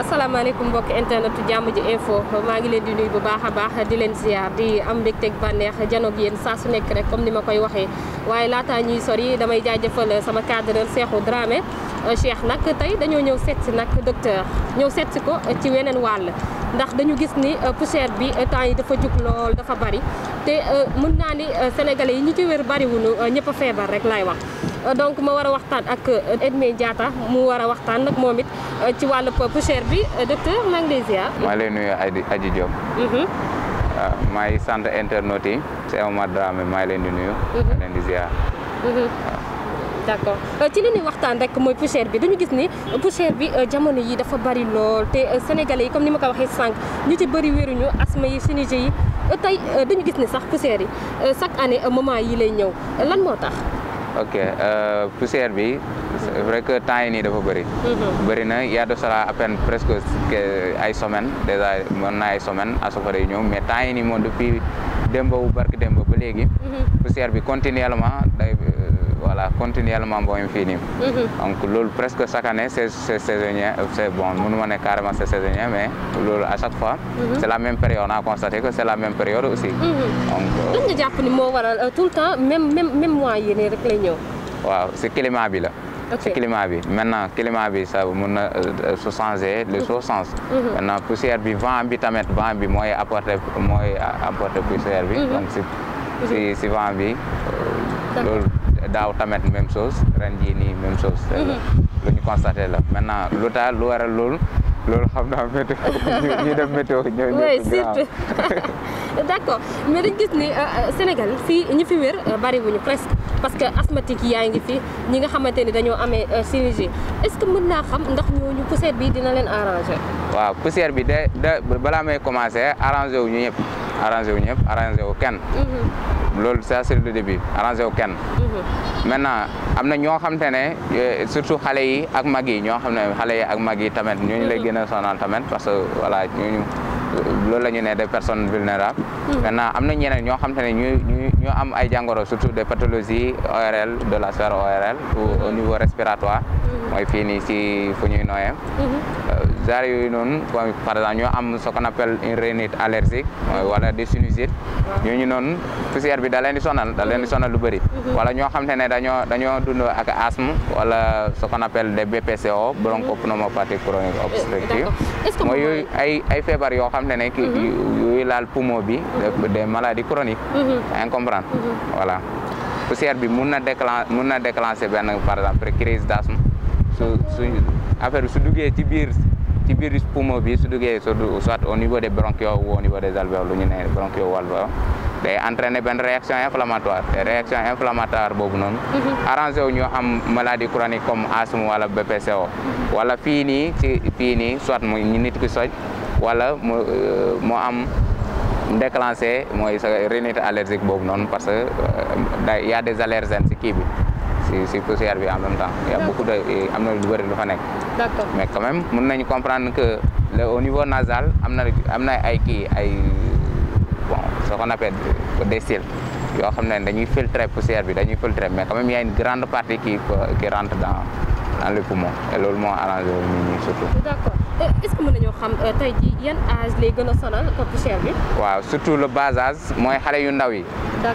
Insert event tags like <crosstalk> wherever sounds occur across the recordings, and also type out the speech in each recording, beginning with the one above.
asalaamaaleykum mbokk internetu jàmm ji info maa ngi leen di nuyu bu baax a baax di leen ziar di am teg bànneex janoog yéen saa su nekk rek comme ni ma koy waxee waaye laata ñuy sori damay jaajëfal sama cadreur Cheikhou Dramé euh, Cheikh nag tey dañoo ñëw seet si nag docteur ñëw seet si ko ci weneen wàll ndax dañu gis ni euh, poussière bi euh, temps yi dafa jug lool dafa bari te mun naa ni sénégalais yi ñu ci wér bariwunu ñëpp feebar rek laay wax donc ma war a waxtaan ak Edmé Diatta mu war a waxtaan nag moom it Euh, ci wàllu poussière bi euh, docteur maa ngi lay ziar. lay nuyu Aïdi Aïdi Diop. waaw maa ngi sant internautes yi. c'est Omar Dramé maa leen di nuyu. maa mhm. leen di ziar. Mhm. d'accord euh, ci li ñuy waxtaan rek mooy poussière bi dañu gis ni poussière bi jamono yi dafa bari lool te sénégalais yi comme ni ma ko waxee sànq ñu ci bëri wéruñu asthme yi sinusite yi tey dañu gis ni sax poussière yi chaque année moment yi lay ñëw lan moo tax. ok euh, poussière bi c'est vrai que temps yi nii dafa bëri. Mhm. bari na y a de presque ay semaines déjà mën na ay semaines asofare yi ñëw mais temps yi nii moom depuis démb bu barki démb ba léegi. Mhm. poussière bi continuellement continuellement boo ñu fii nii. Mhm. donc loolu presque chaque année c' est c' est saisonnier c' est bon mënuma ne carrément c' est saisonnier mais loolu à chaque fois. Mhm. c' la même période on a constaté que c' la même période aussi. Mhm. donc lan euh, nga jàpp ni moo euh, tout le temps même même même mois yi nii rek lay ñëw. climat bi la. ci climat bi maintenant climat bi ça mun na euh, su changer les choses changent maintenant poussière bi vent bi tamit vent bi mooy apporter poussière bi donc si si si daaw tamit même chose ren jii nii même chose. Mhm. lu ñu constaté la maintenant lu tax lu waral loolu loolu xam naa météo <laughs> ñu def météo. ñooñu ñëpp surtout <laughs> euh, euh, fi wér euh, bari presque parce que asthmatique yaa ngi fi ñi nga xamante ni dañoo amee chirurgie est ce que mën naa xam ndax ñooñu poussière bi dina leen arrangé. waaw poussière bi de balaa may commencé arrangé wu ñu ñëpp. arrangé wu ñëpp arrangé wu kenn. Mm-hmm. loolu ça c'est le début arrangé wu kenn. Mm-hmm. maintenant am na ñoo xam te ne euh, surtout xale yi ak mag yi ñoo xam ne xale yi ak mag yi tamit ñooñu lay mm-hmm. gën a sonal tamit parce que voilà ñooñu loolu la ñu ne de personnes vulnérables. maintenant am na ñeneen ñoo xam te ne ñu ñu am ay jàngoro surtout des pathologies ORL de la sphère ORL au niveau respiratoire. mooy fii si fu ñuy nooyee. Euh, genre yooyu noonu par exemple ñoo am ce qu'on appelle une rhinite allergique wala des sinusites ñooñu noon poussière bi da leen sonal lu bari mhm. wala ñoo xam ne dañoo dañoo dund ak asthme wala ce de appelle des BPCO mhm. bronchopneumopathie chronique obstructive mooy yooyu ay ay feebar yoo xam te ne ki yooyu mhm. laal poumon bi des maladies chroniques en comprendre voilà poussière bi mun na déclencher mun na déclencher benn par exemple crise d'asthme affaire bi su duggee ci biir ci biir poumon bi su duggee su soit au niveau des bronchioles ou au niveau des alvéoles lu ñu ne bronchioles valvéoles day entraîner benn réaction inflammatoire réaction inflammatoire boobu noonu mhm. arrangé wu ñu am maladie chronique comme asthme wala BPCO wala fii nii ci fii nii soit mu nit ki soj wala mu euh, mu am déclenché mooy sa rhinite allergique boobu noonu parce que euh, y a des allergènes ci kii bi si si bi en même temps. y' a beaucoup de am lu bëri lu fa nekk. mais quand mun nañu comprendre que au niveau nasal am na am na ay kii ay bon ce qu'on appelle des cils yoo xam ne dañuy filtrer poussière bi dañuy filtrer mais quand même y' a une grande partie qui qui rentre dans le poumon et loolu moo arrangé wu surtout. Euh, euh, waaw surtout le basage mooy xale yu ndaw yi.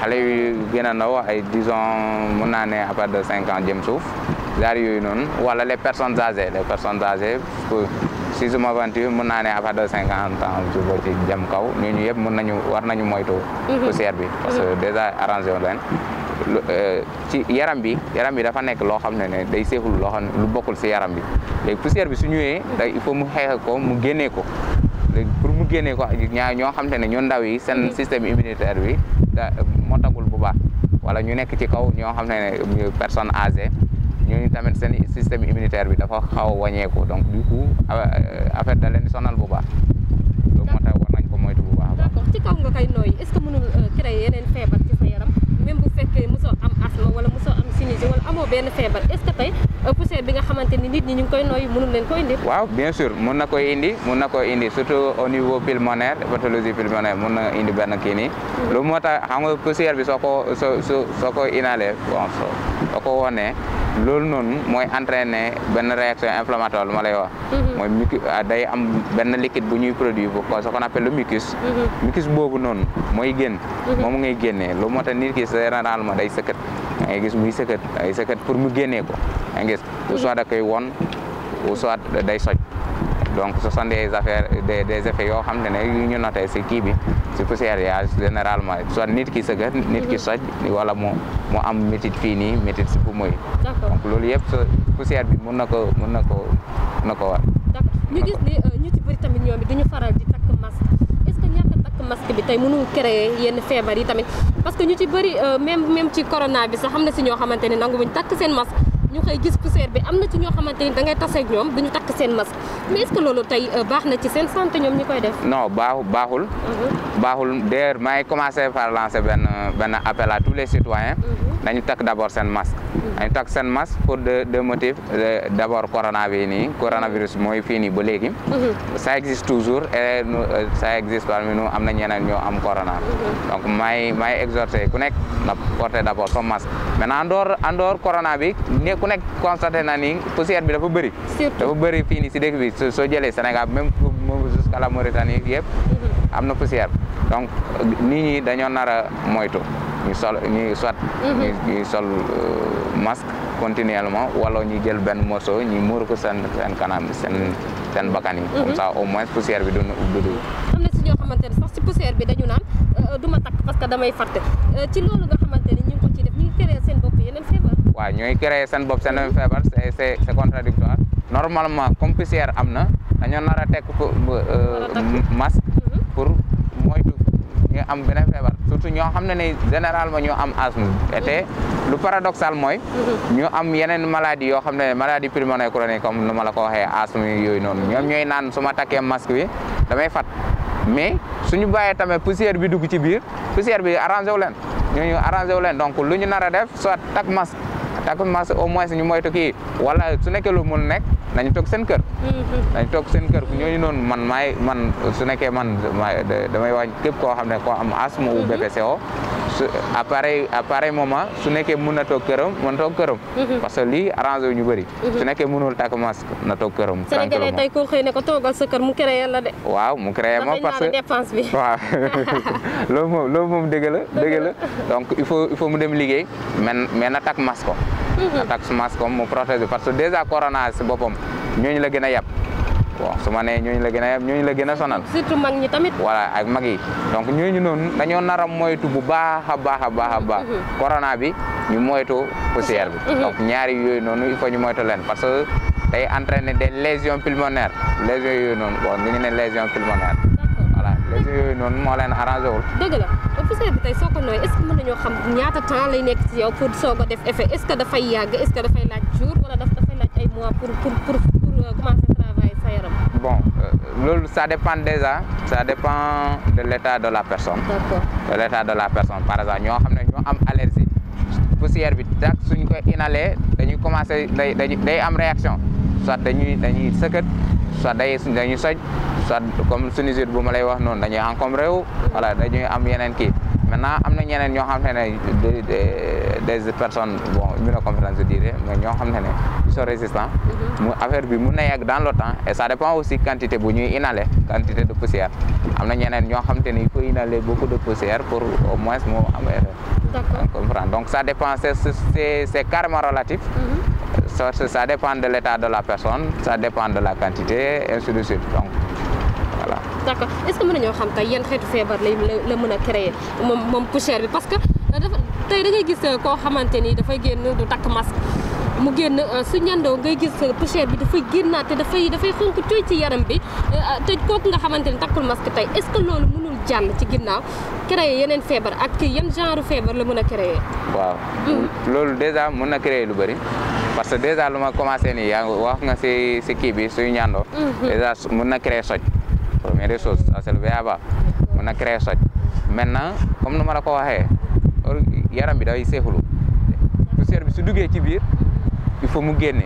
xale yu gën a ndaw ay disons mun naa ne à partir de cinq jëm suuf genre yooyu noonu wala les personnes âgées les personnes âgées pour si je m'aventure mun naa ne à cinquante ans su ko ci jëm kaw ñooñu yëpp mun nañu war nañu moytu. Mhm. poussière bi parce que mhm. déjà arrangé wu leen. Euh, ci yaram bi yaram bi dafa nekk loo xam ne ne day seexul loo lu bokkul si yaram bi léegi poussière bi su ñëwee day il faut mu xeex ko mu génnee ko léegi pour mu génnee ko ñaa ñoo xam ne ne ñoo ndaw yi seen mm-hmm. système immunitaire bi moo tagul bu baax wala ñu nekk ci kaw ñoo xam ne ne personne âgée ñooñu tamit seen système immunitaire bi dafa xaw a wàññeeku donc du coup euh, affaire da leen di sonal bu baax loolu moo tax war nañ bu baax. kay wala amoo benn feebar est-ce que tey poussière bi nga xamante ni nit ñi koy noyyi mënul leen ko indi. waaw bien sûr mun na ko indi mun na koy indi surtout au niveau pulmonaire pathologie pulmonaire mun na indi benn kii nii. Hmm. moo tax xam nga poussière bi soo ko soo soo ko inhaler ko wonee loolu noonu mooy entraîner benn réaction inflammatoire lu ma lay wax. Mhm. mooy miki ah, day am benn liquide bu ñuy produit bu ko ce qu'on appelle le mucus. Mhm. boobu noonu mooy génn. Mhm. moom ngay génnee loolu moo tax nit ki généralement day sëkkat da ngay gis muy sëkkat day sëkkat pour mu génnee ko da gis soit da koy won ou soit day soj. donc ce sont des affaires des yoo xam ne ne yu ñu noté si kii bi si poussière ya ah, généralement soit nit ki sëgg nit ki soj wala mu am métit fii nii métit si bu muy donc loolu yëpp poussière bi mun na ko mun na ko mun na ko war ñu gis ni euh, ñu ci bëri tamit ñoom duñu faral di takk masque est-ce takk masque bi tey mënul créer yenn feebar yi tamit parce que ñu ci bëri euh, même même ci corona bi sax xam na si ñoo xamante ne nangu buñ takk seen masque ñu koy gis poussière bi am na ci ñoo xamante ni da taseeg ñoom duñu takk seen masque mais est loolu tey euh, baax na ci seen santé ñoom ñi koy def. non baaxul baaxul. Mhm. baaxul d'ailleurs maa ngi commencé par lancer benn benn appel à tous les citoyens. dañu mhm. takk d'abord seen masque. dañu mhm. takk seen masque pour deux deux motifs euh, d'abord corona bi nii coronavirus mooy fii nii ba léegi. sa existe toujours e ça existe parmi nous am na ñeneen ñoo am corona. donc may may exhorter ku nekk na porter d'abord son masque ku nekk constaté na ni poussière bi dafa bëri dafa bëri fii nii si dëkk bi soo jëlee Sénégal même jusqu'à la Mauritanie yëpp mhm. am na poussière donc nit ñi dañoo nar a moytu ñu sol ñu soit ñu mhm. sol euh, masque continuellement wala ñu jël benn morceau ñu muur ko seen seen kanam seen seen bakkan yi comme mhm. ça au moins poussière bi du du am na si ñoo xamante ne si poussière bi dañu naan euh, du takk parce que damay fàtte euh, ci loolu nga xamante ni ñu ko ci def ñu ngi seen waaw ñooy créer seen bopp seen doomu feebar c' est c' est contradictoire normalement comme poussière am na dañoo nar a tekk euh, mhm. moytu ñu am beneen feebar surtout ñoo xam ne ne généralement ñoo am asthme te mhm. lu paradoxal mooy mhm. ñu am yeneen maladie yoo xam ne maladie pulmonaire chronique comme nu ma la ko waxee asthme yooyu noonu ñoom ñooy naan su ma takkee masque bi damay fat mais suñu bàyyee tamit poussière bi dugg ci biir poussière bi arrangé wu leen ñooñu donc lu ñu nar def soit takk masque daa commencé au moins ñu moytu kii wala su nekkee lu mun nekk nañu toog seen kër. Mhm. nañu toog seen kër ñooñu noonu man maay man su nekkee man damay wàññi képp koo xam ne koo am asthme ou mhm. BPCO. su à pareil à pareil moment su nekkee mën na toog këram mën toog këram. parce que lii arrangé wu ñu bëri. Mhm. su nekkee mënul takk masque na toog këram. Sénégalais tey xëy ne ko toogal sa kër mu créé la de. waaw mu créé ma parce que dépense bi. waaw <laughs> loolu moom loolu moom donc il faut il mu dem liggéey mais mais na takk masko ko. Mhm. na takk masque ko mu protéger parce que déjà corona si boppam ñooñu la gën a yàpp. bon su ma nee ñooñu la gën a la gën a sonal. surtout mag ñi tamit. voilà ak mag yi donc ñooñu noonu dañoo nar a moytu bu baax a baax a baax a baax. Mhm. bi ñu moytu poussière bi. Mhm. ñaari noonu il faut ñu moytu leen parce que day entraîner des lésions pulmonaires lésions yooyu noonu bon ñu ngi ne lésions pulmonaires. voilà noonu moo leen arrangé wul. dëgg la poussière que mën nañoo a def ça dépend déjà ça dépend de l'état de la personne. de l'état de la personne par exemple ñoo xam ne ñoo am allergie poussière bi tak suñ ko inhaler dañuy commencer day day am réaction soit dañuy dañuy sëkkat soit day dañuy soj soit comme sinusite bu ma lay wax noonu dañuy encombré wu voilà dañuy am yeneen kii maintenant am na ñeneen ñoo xam ne ne des personnes bon immunocompressées je dirais mais ñoo xam ne ne corruption résistant mhm. mu affaire bi mun na yàgg dans le temps et ça dépend aussi quantité bu ñuy inhaler quantité de poussière am na ñeneen xam te ni il beaucoup de poussière pour au moins mu am erreur comprendre donc ça dépend c'est c'est relatif mhm. ça, dépend de l'état de la personne ça dépend de la quantité et ainsi de suite donc est-ce que mën nañoo xam tey yan xeetu feebar la mën a créer moom poussière parce que dafa tey gis euh, koo xamante ni dafay génn du mu génn euh, su ñandoo ngay gis poussière bi dafay génnaat te dafay dafay xonk ci yaram bi euh, ah, te kooku nga xamante ni takkul masque tey est-ce que loolu mënul jàll ci ginnaaw créer yeneen feebar ak yan genre feebar la mën a créer. Hmm. loolu déjà mën na créer lu bëri. parce que déjà lu ma commencé ni yaa wax nga si si kii bi suy ñaandoo. Hmm. déjà mën na créer soj. première chose ça c'est le na créer soj maintenant comme nu ma la ko waxee yaram bi day seexlu poussière bi su duggee ci biir. il faut mu génne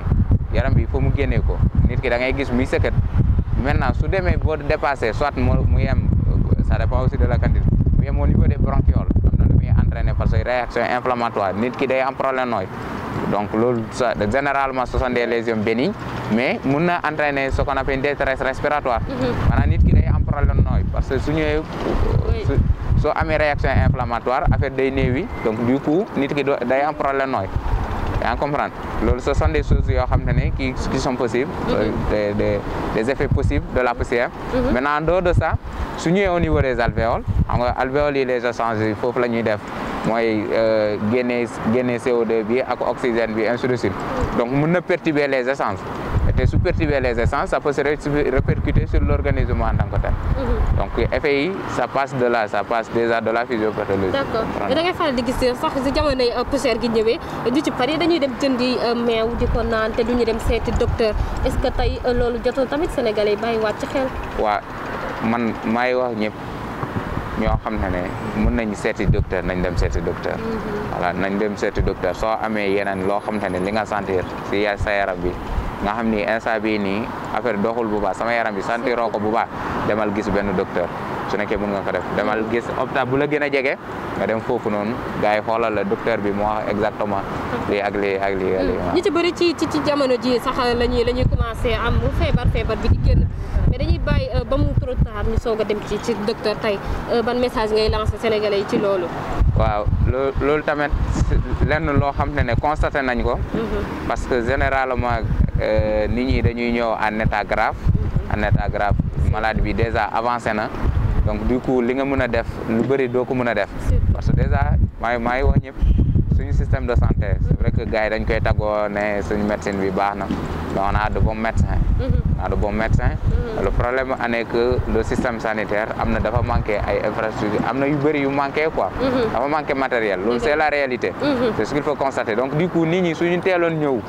yaram bi il faut mu génne ko nit ki da ngay gis muy sëkkat maintenant su demee boo dépassé soit mu yem ça dépend aussi de la quantité mu yem au niveau des bronchioles am na lu muy nit ki day am problème nooy donc loolu ça généralement ce sont des lésions mais mun na entraîner ce qu'on appelle une détresse respiratoire mhm. maanaam nit ki day am problème nooy parce que su ñëwee soo amee réaction inflammatoire affaire day néewi donc du coup nit ki day am problème nooy yaa comprendre lool ce sont des choses yoo xam ne qui qui sont possibles. Mm-hmm. Euh, des des des effets possibles de la poussière. Mm-hmm. maintenant en de ça su ñëwee au niveau des alvéoles xam nga alvéoles yi les échanges yi foofu la ñuy def mooy euh, génne génne CO2 bi ak oxygène bi ainsi mm-hmm. donc mën na perturber les essences te su perturber les essences ça peut se répercuter sur l'organisme en tant que effet yi passe de la ça passe déjà de la physiopathologie. d'accord da ngay faral di gis sax si jamonoy euh, poussière gi ñëwee ñu ci bari dañuy dem jëndi euh, meew di ko naan te duñu dem seeti docteur est-ce que tey euh, loolu jotul tamit sénégalais yi bàyyiwaat ci xel. waaw man maay wax ñëpp ñoo xam ne ne mën nañ seeti docteur nañ dem seeti docteur. Mhm. voilà nañ dem seeti docteur soo amee yeneen loo xam ne ne li nga sentir si sa yaram bi. nga xam ni instant bii nii affaire doxul bu baax sama yaram bi santiroo ko bu baax demal gis benn docteur su nekkee mën nga ko def demal gis hôpital bu la gën a jege nga dem foofu noonu gars yi xoolal la docteur bi moo wax exactement lii ak lii ak lii ñi hmm. ci bëri ci ci ci jamono ji sax la ñuy la ñuy commencé am bu feebar feebar bi di génn mais dañuy bàyyi euh, ba mu trop tard ñu soog a dem ci ci docteur tey euh, ban message ngay lancé sénégalais yi ci loolu waaw loolu tamit lenn loo xam ne ne constaté nañ ko hmm. parce que généralement Euh, nit ñi dañuy ñëw en état grave en état grave malade bi déjà avancé na donc du coup li nga mën a def lu bëri doo ko mën a def parce que déjà maay maay wax ñëpp suñu système de santé c'est vrai que gars yi dañ koy tàggoo ne suñu médecine bi baax na mais on a de bons médecins mm-hmm. on a de mm-hmm. le problème en le système sanitaire am na dafa manqué ay infrastructure am na yu bëri yu manqué quoi mm-hmm. dafa manqué matériel loolu c'est la réalité c'est ce qu'il faut constater donc du coup nit ñi suñu teeloon ñëw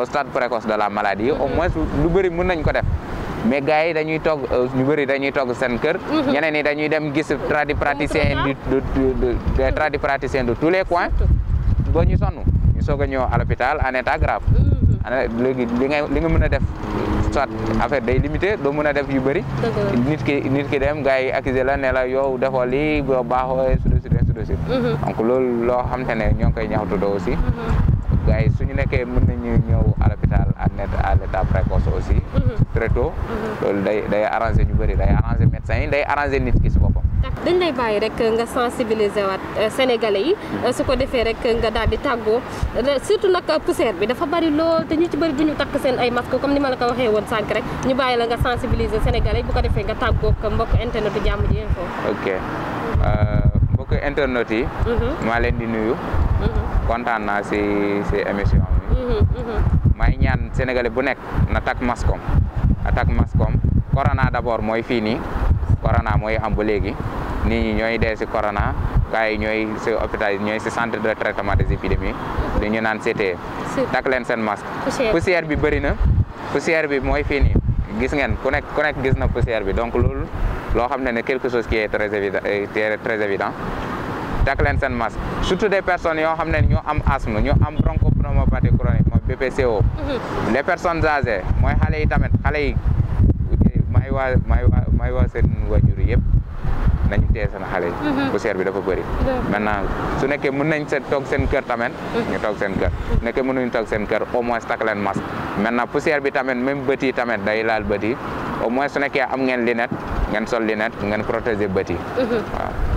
au stade précoce de la maladie au moins lu bëri mun nañ ko def mais gars yi dañuy togg euh, ñu bëri dañuy togg seen kër. ñeneen ñi dañuy dem gis tradipraticiens du de de tradipraticiens de tous les coins. ba ñu sonn ñu soog a ñëw à l'hôpital en état léegi li nga li a def soit affaire day limité doo mën a def yu bëri nit ki nit ki dem gars yi la ne la yow defoo lii yow baaxoo su de suite su de suite donc loolu loo xam te ne ñoo ngi koy ñaxtudoo aussi mm-hmm. gars yi suñu nekkee mun nañu ñëw à l'hôpital à l'état précoce aussi mm-hmm. très tôt mm-hmm. loolu day day ñu bëri day arrangé médecin yi day arrangé nit ki dañ lay bàyyi rek nga sensibiliser waat euh, sénégalais yi euh, su ko defee rek nga daal di tàggoo euh, surtout nag poussière bi dafa bari lool te ñu ci takk seen ay masque comme ni ma la ko waxee woon sànq rek ñu bàyyi la nga sensibiliser sénégalais bu ko defee nga tàggoo ak mbokk internet yi jàmm ji info ok mbokk internet yi mhm. maa leen di nuyu mhm. kontaan naa si si émission mhm, ñaan sénégale bu nekk na takk maskom na takk maskom corona d'abord mooy fii nii corona mooy am ba léegi nit ñi ñooy dee si corona gars yi ñooy si hôpital yi ñooy si centre de traitement des épidémies li ñu naan CTE takk leen seen masque poussière bi bëri na poussière bi mooy fii nii gis ngeen ku nekk ku nekk gis na poussière bi donc loolu loo xam ne ne quelque chose qui est très évident euh, très évident takk leen seen masque surtout des personnes yoo xam ne ñoo am asthme ñoo am bronchopneumopathie chronique mooy BPCO mhm. les personnes âgées mooy xale yi tamit xale yi may waa may ay waa seen waajur yëpp nañu tee seen xale yi poussière mhm. bi dafa bëri maintenant su nekkee mën nañ seen toog seen kër tamit mhm. ñu toog seen kër mhm. nekkee mënuñu toog seen kër au moins takk leen masque maintenant poussière bi tamit même bët yi tamit day laal bët yi au moins su am ngeen lunette ngeen sol lunette ngeen protéger bët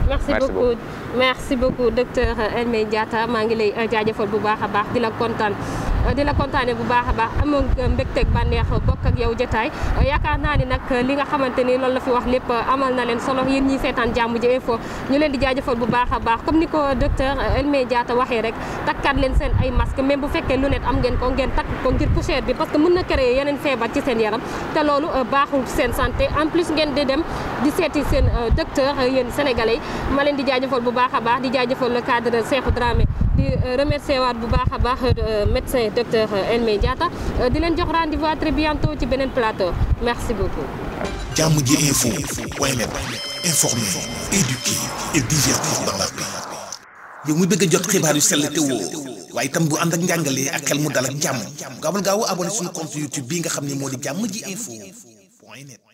merci beaucoup merci beaucoup docteur Helmy Diatta maa ngi lay jaajëfal bu baax a baax di la Euh, di la kontaane bu baax a baax am euh, mbégteeg bànneex bokk ak yow jotaay euh, yaakaar naa ni nag li nga xamante ni loolu la fi wax lépp amal na leen solo yéen ñiy seetaan jàmm ji info ñu leen di jaajëfal bu baax a baax comme ni ko docteur Elmé Diatta waxee rek takkaat leen seen ay masque même bu fekkee lunette am ngeen ko ngeen takk ko ngir poussière bi parce que mën na créer yeneen feebar ci seen yaram te loolu baaxul seen santé en plus ngeen di dem di seeti seen docteur yéen sénégalais ma leen di jaajëfal bu baax a baax di jaajëfal le cadre Cheikhou Dramé di euh, remercier bu baax a baax euh, médecin docteur Elmé euh, di leen jox rendez-vous ci beneen plateau merci beaucoup. jàmm ji info point net informer, éduquer et divertir dans la yow mi bëgg a jot xibaar yu sell te woo waaye itam bu ànd ak njàngalee ak xel mu dal ak jàmm gaawal gaaw abonné suñu compte YouTube bii nga xam ne moo di jàmm ji info point